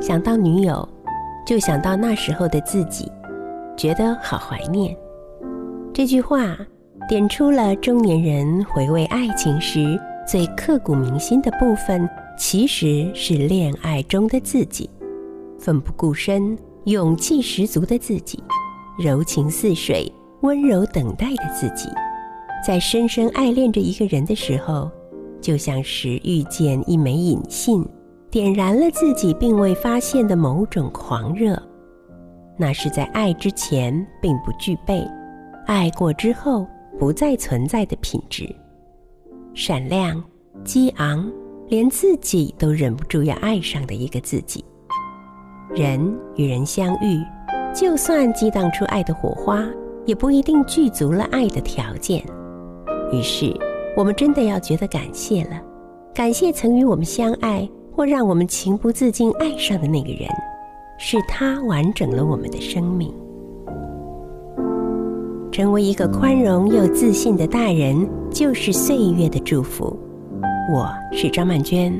想到女友，就想到那時候的自己，覺得好懷念。這句話點出了中年人回味愛情時最刻骨銘心的部分，其實是戀愛中的自己，奮不顧身、勇氣十足的自己，柔情似水、溫柔等待的自己，在深深愛戀着一個人的時候，就像是遇見一枚引信。點燃了自己並未發現的某種狂熱，那是在愛之前並不具備，愛過之後不再存在的品質。閃亮、激昂，連自己都忍不住要愛上的一個自己。人與人相遇，就算激盪出愛的火花，也不一定具足了愛的條件。於是，我們真的要覺得感謝了，感謝曾與我們相愛。或讓我們情不自禁愛上的那個人，是他完整了我們的生命。成為一個寬容又自信的大人，就是歲月的祝福。我是張曼娟，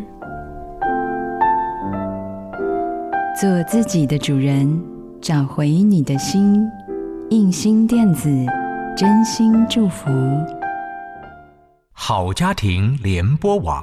做自己的主人，找回你的心。映興電子，真心祝福。好家庭聯播網。